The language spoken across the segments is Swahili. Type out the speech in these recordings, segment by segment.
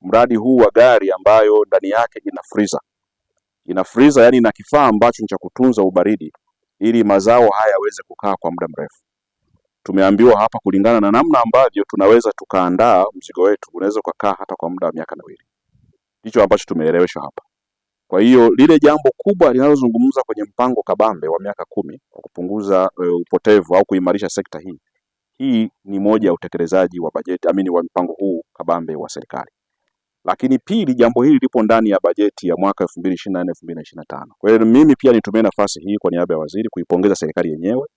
mradi huu wa gari ambayo ndani yake ina freezer. Ina freezer yani ina kifaa ambacho ni cha kutunza ubaridi ili mazao haya yaweze kukaa kwa muda mrefu. Tumeambiwa hapa kulingana na namna ambavyo tunaweza tukaandaa mzigo wetu unaweza ukakaa hata kwa muda wa miaka miwili. Ndicho ambacho tumeeleweshwa hapa. Kwa hiyo lile jambo kubwa linalozungumza kwenye mpango kabambe wa miaka kumi wa kupunguza uh, upotevu au kuimarisha sekta hii, hii ni moja ya utekelezaji wa bajeti amini wa mpango huu kabambe wa serikali. Lakini pili, jambo hili lipo ndani ya bajeti ya mwaka 2024 2025. Kwa hiyo mimi pia nitumie nafasi hii kwa niaba ya waziri kuipongeza serikali yenyewe,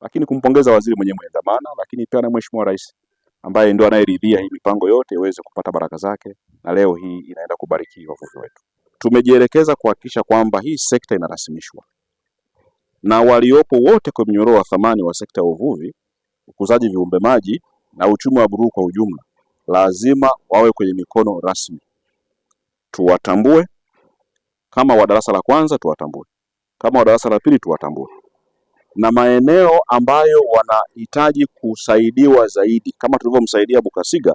lakini kumpongeza waziri mwenye mwenye dhamana, lakini pia na mheshimiwa rais ambaye ndio anayeridhia hii mipango yote iweze kupata baraka zake, na leo hii inaenda kubariki wavuvi wetu. Tumejielekeza kuhakikisha kwamba hii sekta inarasimishwa na waliopo wote kwenye mnyororo wa thamani wa sekta ya uvuvi, ukuzaji viumbe maji na uchumi wa buluu kwa ujumla lazima wawe kwenye mikono rasmi. Tuwatambue kama wa darasa la kwanza, tuwatambue kama wa darasa la pili, tuwatambue na maeneo ambayo wanahitaji kusaidiwa zaidi, kama tulivyomsaidia Bukasiga,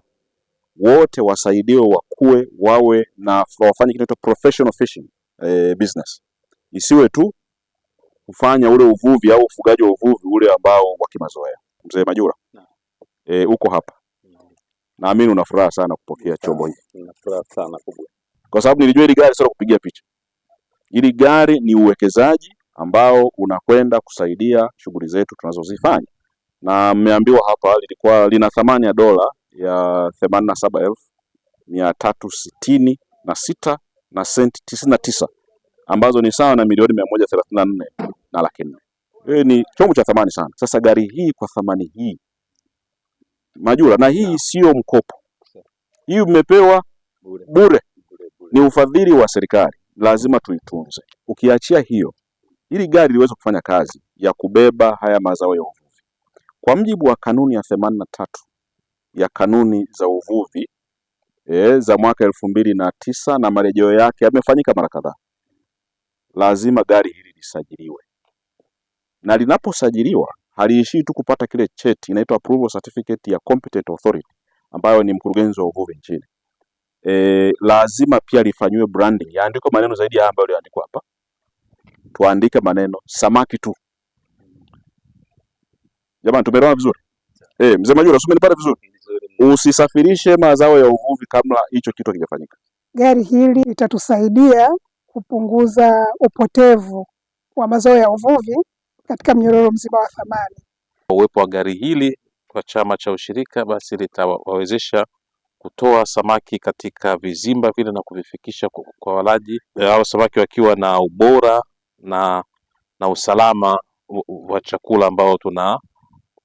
wote wasaidiwe, wakuwe, wawe na wafanye kinaitwa professional fishing eh, business. Isiwe tu kufanya ule uvuvi au ufugaji wa uvuvi ule ambao wa kimazoea. Mzee Majura, eh, uko hapa Naamini una furaha sana kupokea chombo hiki. Una furaha sana kubwa. Kwa sababu nilijua hili gari sio kupigia picha. Hili gari ni uwekezaji ambao unakwenda kusaidia shughuli zetu tunazozifanya, na mmeambiwa hapa lilikuwa lina thamani ya dola ya themanini na saba elfu mia tatu sitini na sita na senti tisini na tisa ambazo ni sawa na milioni mia moja thelathini na nne na laki nne. Hii ni chombo cha thamani sana. Sasa gari hii kwa thamani hii Majura, na hii sio mkopo, hii umepewa bure, ni ufadhili wa serikali, lazima tuitunze. Ukiachia hiyo, ili gari liweze kufanya kazi ya kubeba haya mazao ya uvuvi kwa mjibu wa kanuni ya themanini na tatu ya kanuni za uvuvi e, za mwaka elfu mbili na tisa na marejeo yake yamefanyika mara kadhaa, lazima gari hili lisajiliwe na linaposajiliwa haliishii tu kupata kile cheti, inaitwa approval certificate ya competent authority ambayo ni mkurugenzi wa uvuvi nchini. E, lazima pia lifanyiwe branding, yaandikwe maneno zaidi ya ambayo yaliandikwa hapa. Tuandike maneno samaki tu. Jamani, tumeelewana vizuri eh? Mzee Majura, sio umenipata vizuri? Usisafirishe mazao ya uvuvi kabla hicho kitu hakijafanyika. Gari hili litatusaidia kupunguza upotevu wa mazao ya uvuvi katika mnyororo mzima wa thamani. Uwepo wa gari hili kwa chama cha ushirika basi litawawezesha kutoa samaki katika vizimba vile na kuvifikisha kwa walaji, hao samaki wakiwa na ubora na na usalama wa chakula ambao tuna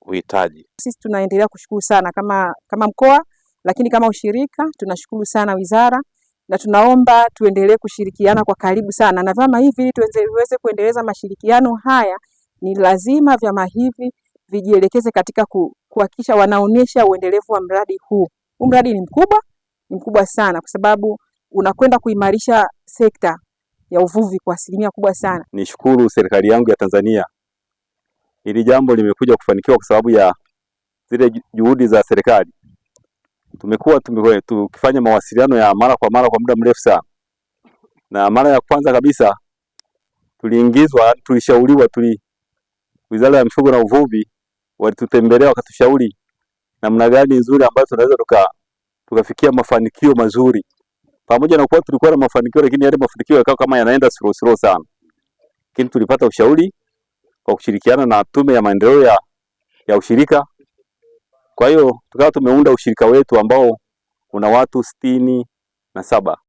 uhitaji. Sisi tunaendelea kushukuru sana kama kama mkoa, lakini kama ushirika tunashukuru sana wizara, na tunaomba tuendelee kushirikiana kwa karibu sana na vyama hivi tuweze kuendeleza mashirikiano haya ni lazima vyama hivi vijielekeze katika kuhakikisha wanaonyesha uendelevu wa mradi huu. Huu mradi ni mkubwa, ni mkubwa sana kwa sababu unakwenda kuimarisha sekta ya uvuvi kwa asilimia kubwa sana. Nishukuru serikali yangu ya Tanzania, hili jambo limekuja kufanikiwa kwa sababu ya zile juhudi za serikali. Tumekuwa tukifanya mawasiliano ya mara kwa mara kwa muda mrefu sana, na mara ya kwanza kabisa tuliingizwa, tulishauriwa, tuli Wizara ya Mifugo na Uvuvi walitutembelea wakatushauri namna gani nzuri ambayo tunaweza tuka tukafikia mafanikio mazuri. Pamoja na kuwa tulikuwa na mafanikio, lakini yale mafanikio yakawa kama yanaenda slow slow sana. Lakini tulipata ushauri kwa kushirikiana na Tume ya Maendeleo ya ya Ushirika. Kwa hiyo tukawa tumeunda ushirika wetu ambao una watu sitini na saba.